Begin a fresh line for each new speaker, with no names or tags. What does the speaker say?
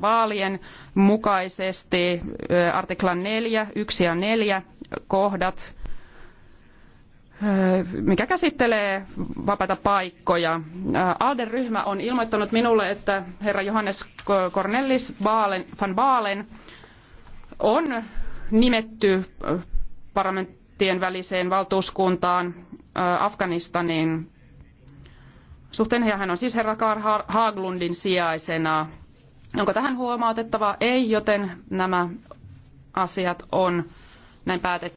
vaalien mukaisesti artiklan 4, 1 ja 4 kohdat, mikä käsittelee vapaita paikkoja. Alden ryhmä on ilmoittanut minulle, että herra Johannes Cornelis Baalen, van Baalen on nimetty parlamenttien väliseen valtuuskuntaan Afganistanin suhteen. Ja hän on siis herra Karl Haglundin sijaisena Onko tähän huomautettavaa? Ei, joten nämä asiat on näin päätetty.